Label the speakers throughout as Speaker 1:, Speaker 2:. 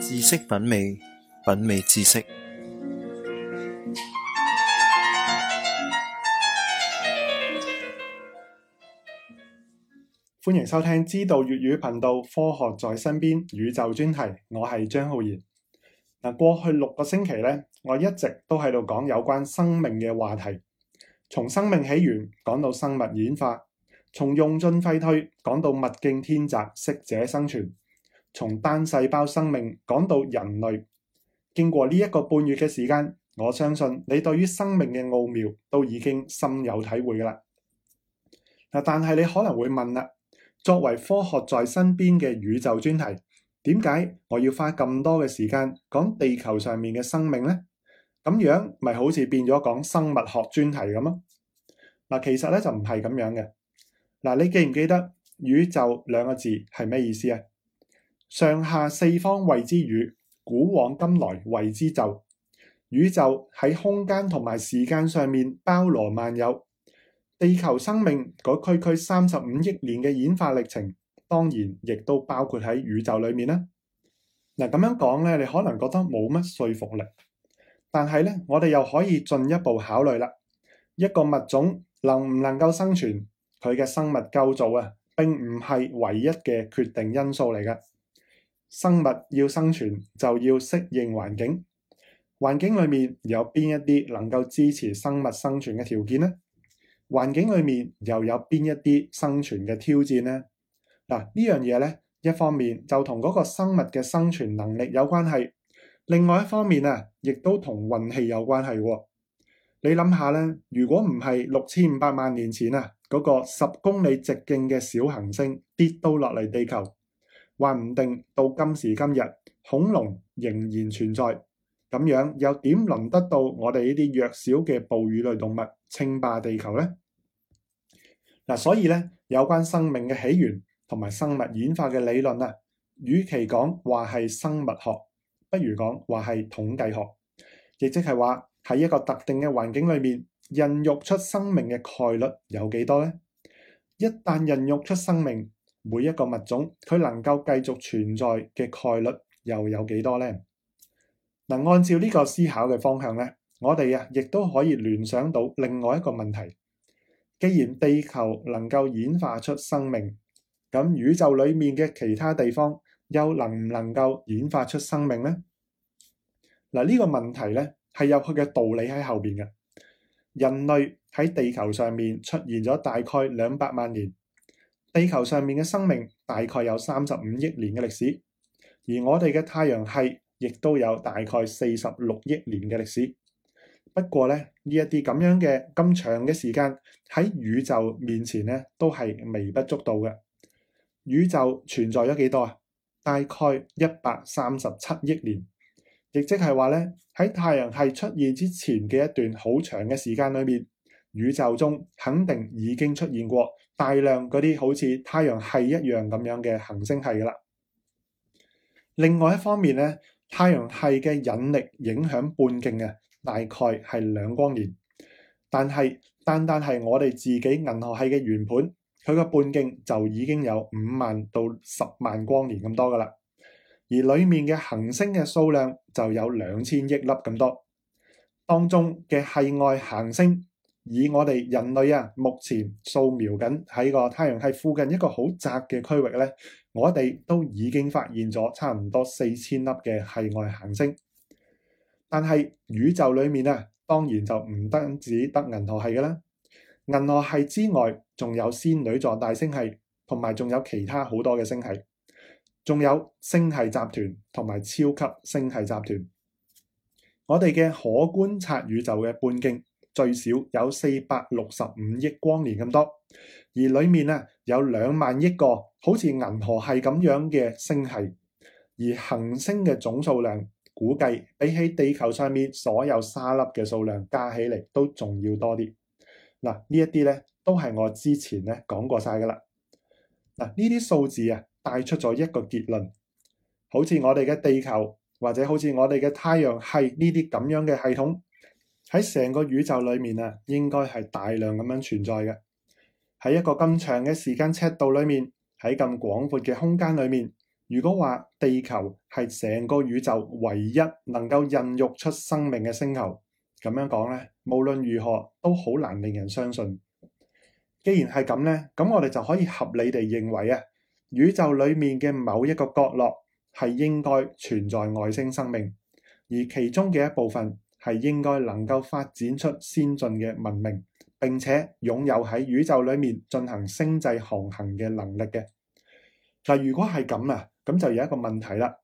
Speaker 1: 知識品味，品味知識。歡迎收聽《知道粵語》頻道《科學在身邊》宇宙專題。我係張浩然嗱。過去六個星期咧，我一直都喺度講有關生命嘅話題，從生命起源講到生物演化，從用進廢退講到物競天擇，適者生存。從單細胞生命講到人類，經過呢一個半月嘅時間，我相信你對於生命嘅奧妙都已經深有體會㗎啦。嗱，但係你可能會問啦，作為科學在身邊嘅宇宙專題，點解我要花咁多嘅時間講地球上面嘅生命呢？咁樣咪好似變咗講生物學專題咁咯？嗱，其實咧就唔係咁樣嘅。嗱，你記唔記得宇宙兩個字係咩意思啊？上下四方謂之宇，古往今來謂之宙。宇宙喺空間同埋時間上面包羅萬有，地球生命嗰區區三十五億年嘅演化歷程，當然亦都包括喺宇宙裏面啦。嗱，咁樣講咧，你可能覺得冇乜說服力，但係咧，我哋又可以進一步考慮啦。一個物種能唔能夠生存，佢嘅生物構造啊，並唔係唯一嘅決定因素嚟㗎。生物要生存就要適應環境，環境裏面有邊一啲能夠支持生物生存嘅條件呢？環境裏面又有邊一啲生存嘅挑戰呢？嗱，呢樣嘢呢，一方面就同嗰個生物嘅生存能力有關係，另外一方面啊，亦都同運氣有關係，啊。你諗下呢，如果唔係六千五百萬年前啊，嗰個十公里直徑嘅小行星跌到落嚟地球。話唔定到今時今日，恐龍仍然存在，咁樣又點輪得到我哋呢啲弱小嘅哺乳類動物稱霸地球呢？嗱，所以咧，有關生命嘅起源同埋生物演化嘅理論啊，與其講話係生物學，不如講話係統計學，亦即係話喺一個特定嘅環境裏面，孕育出生命嘅概率有幾多呢？一旦孕育出生命，每一個物種，佢能夠繼續存在嘅概率又有幾多呢？嗱，按照呢個思考嘅方向呢，我哋啊亦都可以聯想到另外一個問題：既然地球能夠演化出生命，咁宇宙裏面嘅其他地方又能唔能夠演化出生命呢？嗱，呢個問題呢，係有佢嘅道理喺後邊嘅。人類喺地球上面出現咗大概兩百萬年。地球上面嘅生命大概有三十五億年嘅歷史，而我哋嘅太陽系亦都有大概四十六億年嘅歷史。不過咧，呢一啲咁樣嘅咁長嘅時間喺宇宙面前咧，都係微不足道嘅。宇宙存在咗幾多啊？大概一百三十七億年，亦即係話咧，喺太陽系出現之前嘅一段好長嘅時間裏面。宇宙中肯定已經出現過大量嗰啲好似太陽系一樣咁樣嘅行星系㗎喇。另外一方面咧，太陽系嘅引力影響半徑呀大概係兩光年，但係單單係我哋自己銀河系嘅圓盤，佢個半徑就已經有五萬到十萬光年咁多㗎喇，而裏面嘅行星嘅數量就有兩千億粒咁多，當中嘅係外行星。以我哋人類啊，目前掃描緊喺個太陽系附近一個好窄嘅區域咧，我哋都已經發現咗差唔多四千粒嘅系外行星。但係宇宙裡面啊，當然就唔單止得銀河系㗎啦，銀河系之外仲有仙女座大星系，同埋仲有其他好多嘅星系，仲有星系集團同埋超級星系集團。我哋嘅可觀察宇宙嘅半徑，最少有四百六十五億光年咁多，而裏面啊，有兩萬億個好似銀河系咁樣嘅星系，而恆星嘅總數量估計比起地球上面所有沙粒嘅數量加起嚟都仲要多啲。嗱呢一啲咧都係我之前咧講過晒噶啦。嗱呢啲數字啊帶出咗一個結論，好似我哋嘅地球或者好似我哋嘅太陽系呢啲咁樣嘅系統。喺成個宇宙裏面啊，應該係大量咁樣存在嘅。喺一個咁長嘅時間尺度裏面，喺咁廣闊嘅空間裏面，如果話地球係成個宇宙唯一能夠孕育出生命嘅星球，咁樣講呢，無論如何都好難令人相信。既然係咁呢，咁我哋就可以合理地認為啊，宇宙裏面嘅某一個角落係應該存在外星生命，而其中嘅一部分。係應該能夠發展出先進嘅文明，並且擁有喺宇宙裏面進行星際航行嘅能力嘅。嗱，如果係咁啊，咁就有一個問題啦。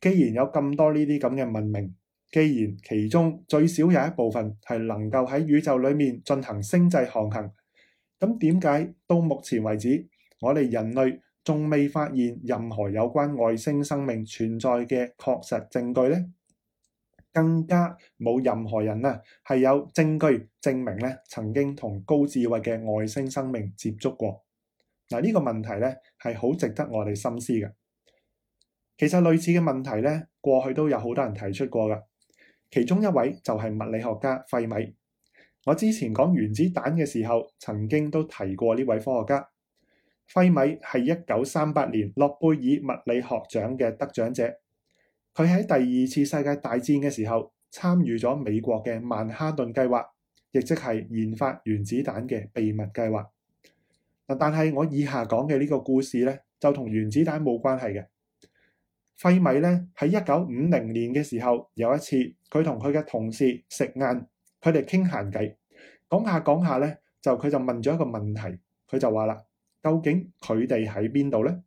Speaker 1: 既然有咁多呢啲咁嘅文明，既然其中最少有一部分係能夠喺宇宙裏面進行星際航行，咁點解到目前為止，我哋人類仲未發現任何有關外星生命存在嘅確實證據呢？更加冇任何人咧係有證據證明咧曾經同高智慧嘅外星生命接觸過。嗱、這、呢個問題呢，係好值得我哋深思嘅。其實類似嘅問題呢，過去都有好多人提出過嘅。其中一位就係物理學家費米。我之前講原子彈嘅時候曾經都提過呢位科學家。費米係一九三八年諾貝爾物理學獎嘅得獎者。佢喺第二次世界大戰嘅時候參與咗美國嘅曼哈頓計劃，亦即係研發原子彈嘅秘密計劃。嗱，但係我以下講嘅呢個故事呢，就同原子彈冇關係嘅。費米呢，喺一九五零年嘅時候有一次，佢同佢嘅同事食晏，佢哋傾閒偈，講下講下呢，就佢就問咗一個問題，佢就話啦：「究竟佢哋喺邊度呢？」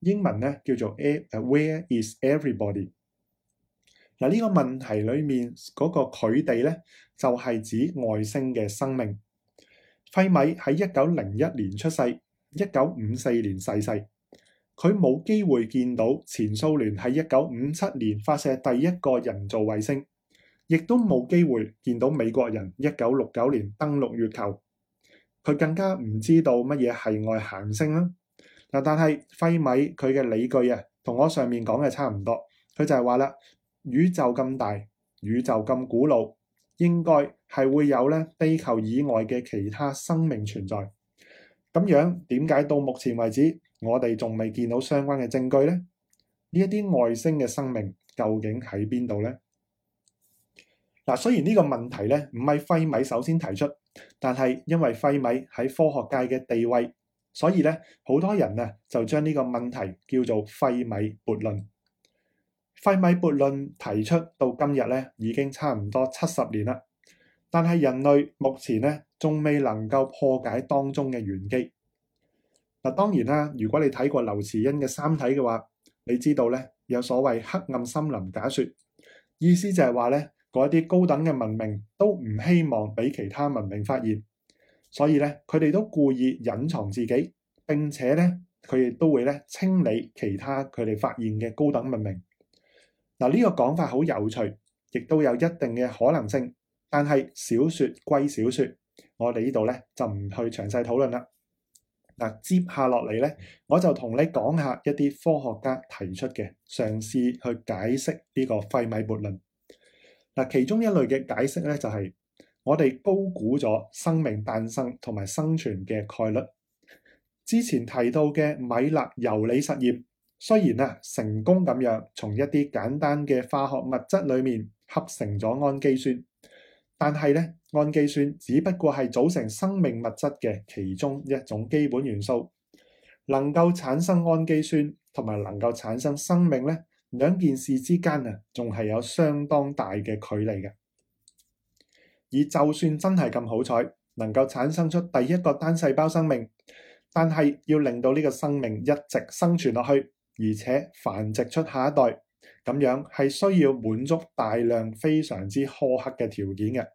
Speaker 1: 英文呢叫做：A，Where is everybody？嗱，呢個問題裏面嗰、那個佢哋呢，就係、是、指外星嘅生命。費米喺一九零一年出年世，世，一九五四年逝世。佢冇機會見到前蘇聯喺一九五七年發射第一個人造衛星，亦都冇機會見到美國人一九六九年登陸月球。佢更加唔知道乜嘢係外行星啦。嗱，但係費米佢嘅理據啊，同我上面講嘅差唔多，佢就係話啦。宇宙咁大，宇宙咁古老，應該係會有咧地球以外嘅其他生命存在。咁樣點解到目前為止，我哋仲未見到相關嘅證據呢？呢一啲外星嘅生命究竟喺邊度呢？嗱，雖然呢個問題咧唔係費米首先提出，但係因為費米喺科學界嘅地位，所以咧好多人啊就將呢個問題叫做費米悖論。費米悖論提出到今日咧，已經差唔多七十年啦。但係人類目前咧仲未能夠破解當中嘅玄機。嗱，當然啦，如果你睇過劉慈欣嘅《三體》嘅話，你知道咧有所謂黑暗森林假說，意思就係話咧嗰一啲高等嘅文明都唔希望俾其他文明發現，所以咧佢哋都故意隱藏自己，並且咧佢哋都會咧清理其他佢哋發現嘅高等文明。嗱，呢個講法好有趣，亦都有一定嘅可能性，但係小說歸小說，我哋呢度咧就唔去詳細討論啦。嗱，接下落嚟咧，我就同你講下一啲科學家提出嘅嘗試去解釋呢個費米悖論。嗱，其中一類嘅解釋咧就係、是、我哋高估咗生命誕生同埋生存嘅概率。之前提到嘅米勒尤里實驗。雖然啊，成功咁樣從一啲簡單嘅化學物質裏面合成咗氨基酸，但係咧，氨基酸只不過係組成生命物質嘅其中一種基本元素。能夠產生氨基酸同埋能夠產生生命咧，兩件事之間啊，仲係有相當大嘅距離嘅。而就算真係咁好彩，能夠產生出第一個單細胞生命，但係要令到呢個生命一直生存落去。而且繁殖出下一代，咁樣係需要滿足大量非常之苛刻嘅條件嘅。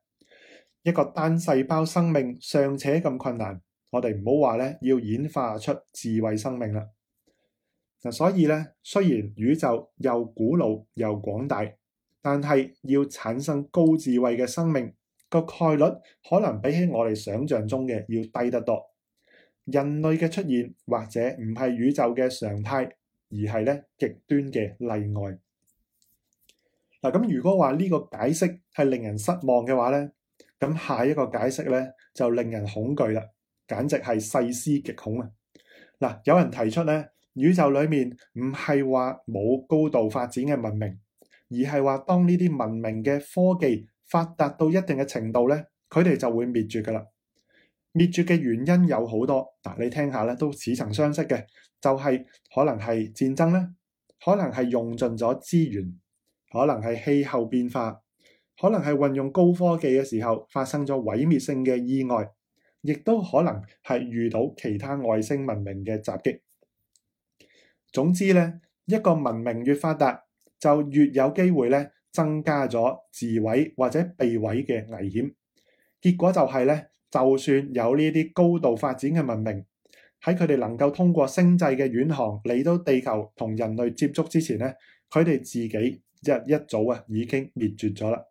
Speaker 1: 一個單細胞生命尚且咁困難，我哋唔好話咧要演化出智慧生命啦。嗱，所以咧，雖然宇宙又古老又廣大，但係要產生高智慧嘅生命，個概率，可能比起我哋想象中嘅要低得多。人類嘅出現，或者唔係宇宙嘅常態，而係咧極端嘅例外嗱。咁如果話呢個解釋係令人失望嘅話咧，咁下一個解釋咧就令人恐懼啦，簡直係細思極恐啊！嗱，有人提出咧，宇宙裏面唔係話冇高度發展嘅文明，而係話當呢啲文明嘅科技發達到一定嘅程度咧，佢哋就會滅絕噶啦。滅絕嘅原因有好多嗱，你聽下咧都似曾相識嘅，就係可能係戰爭咧，可能係用盡咗資源，可能係氣候變化，可能係運用高科技嘅時候發生咗毀滅性嘅意外，亦都可能係遇到其他外星文明嘅襲擊。總之咧，一個文明越發達，就越有機會咧增加咗自毀或者被毀嘅危險。結果就係咧。就算有呢一啲高度發展嘅文明，喺佢哋能夠通過星際嘅遠航嚟到地球同人類接觸之前咧，佢哋自己日一早啊已經滅絕咗啦。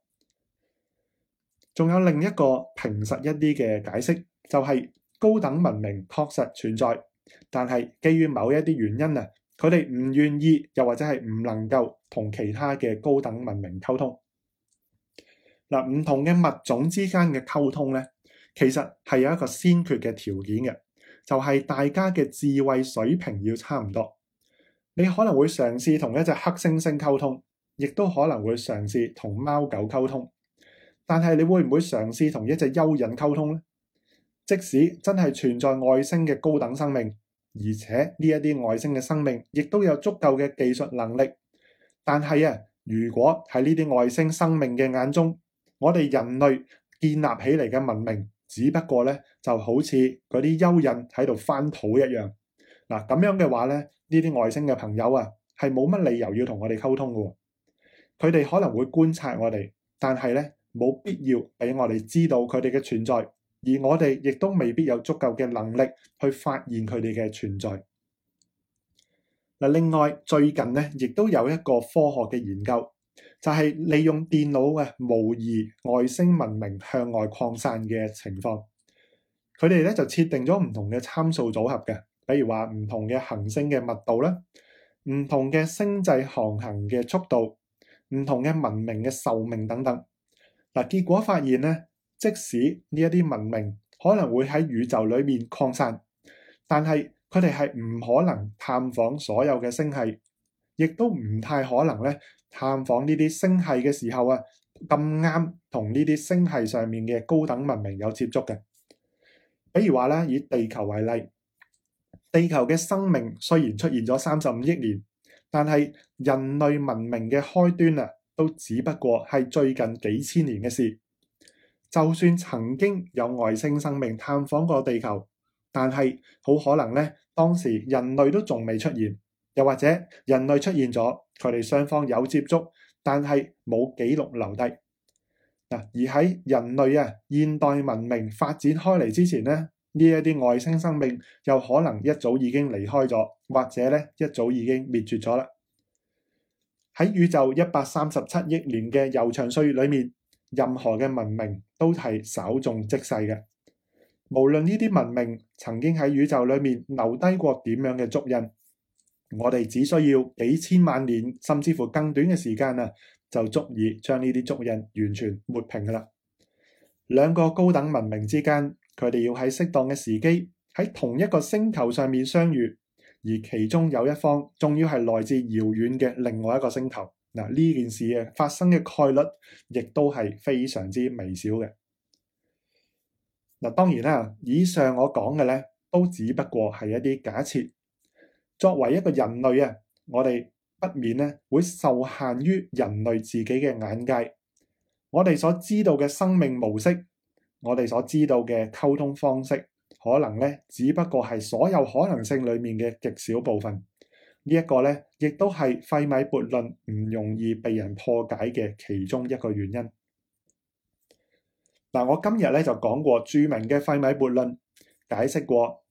Speaker 1: 仲有另一個平實一啲嘅解釋，就係高等文明確實存在，但係基於某一啲原因啊，佢哋唔願意又或者係唔能夠同其他嘅高等文明溝通。嗱，唔同嘅物種之間嘅溝通咧。其實係有一個先決嘅條件嘅，就係大家嘅智慧水平要差唔多。你可能會嘗試同一隻黑猩猩溝通，亦都可能會嘗試同貓狗溝通，但係你會唔會嘗試同一隻蚯蚓溝通呢？即使真係存在外星嘅高等生命，而且呢一啲外星嘅生命亦都有足夠嘅技術能力，但係啊，如果喺呢啲外星生命嘅眼中，我哋人類建立起嚟嘅文明，只不過咧，就好似嗰啲蚯蚓喺度翻土一樣。嗱，咁樣嘅話咧，呢啲外星嘅朋友啊，係冇乜理由要同我哋溝通嘅。佢哋可能會觀察我哋，但係咧，冇必要俾我哋知道佢哋嘅存在。而我哋亦都未必有足夠嘅能力去發現佢哋嘅存在。嗱，另外最近咧，亦都有一個科學嘅研究。就係利用電腦嘅模擬外星文明向外擴散嘅情況，佢哋咧就設定咗唔同嘅參數組合嘅，比如話唔同嘅行星嘅密度啦，唔同嘅星際航行嘅速度，唔同嘅文明嘅壽命等等。嗱，結果發現咧，即使呢一啲文明可能會喺宇宙裏面擴散，但係佢哋係唔可能探訪所有嘅星系。.亦都唔太可能咧，探訪呢啲星系嘅時候啊，咁啱同呢啲星系上面嘅高等文明有接觸嘅。比如話咧，以地球為例，地球嘅生命雖然出現咗三十五億年，但係人類文明嘅開端啊，都只不過係最近幾千年嘅事。就算曾經有外星生命探訪過地球，但係好可能咧，當時人類都仲未出現。又或者人類出現咗，佢哋雙方有接觸，但係冇記錄留低。嗱，而喺人類啊現代文明發展開嚟之前咧，呢一啲外星生命又可能一早已經離開咗，或者咧一早已經滅絕咗啦。喺宇宙一百三十七億年嘅悠長歲月裏面，任何嘅文明都係稍縱即逝嘅。無論呢啲文明曾經喺宇宙裏面留低過點樣嘅足印。我哋只需要幾千萬年，甚至乎更短嘅時間啊，就足以將呢啲足印完全抹平㗎喇。兩個高等文明之間，佢哋要喺適當嘅時機喺同一個星球上面相遇，而其中有一方仲要係來自遙遠嘅另外一個星球，嗱，呢件事嘅發生嘅概率亦都係非常之微小嘅。嗱，當然啦，以上我講嘅呢都只不過係一啲假設。作為一個人類啊，我哋不免咧會受限於人類自己嘅眼界，我哋所知道嘅生命模式，我哋所知道嘅溝通方式，可能咧只不過係所有可能性裡面嘅極少部分。呢一個咧，亦都係費米悖論唔容易被人破解嘅其中一個原因。嗱，我今日咧就講過著名嘅費米悖論，解釋過。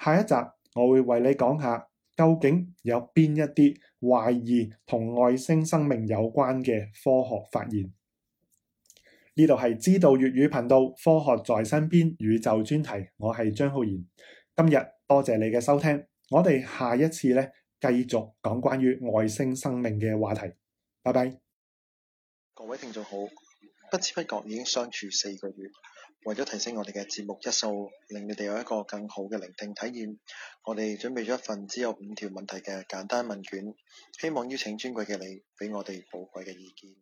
Speaker 1: 下一集，我會為你講下究竟有邊一啲懷疑同外星生命有關嘅科學發現。呢度係知道粵語頻道《科學在身邊》宇宙專題，我係張浩然。今日多謝你嘅收聽，我哋下一次呢，繼續講關於外星生命嘅話題。拜拜。各位聽眾好，不知不覺已經相處四個月。為咗提升我哋嘅節目質素，令你哋有一個更好嘅聆聽體驗，我哋準備咗一份只有五條問題嘅簡單問卷，希望邀請尊貴嘅你俾我哋寶貴嘅意見。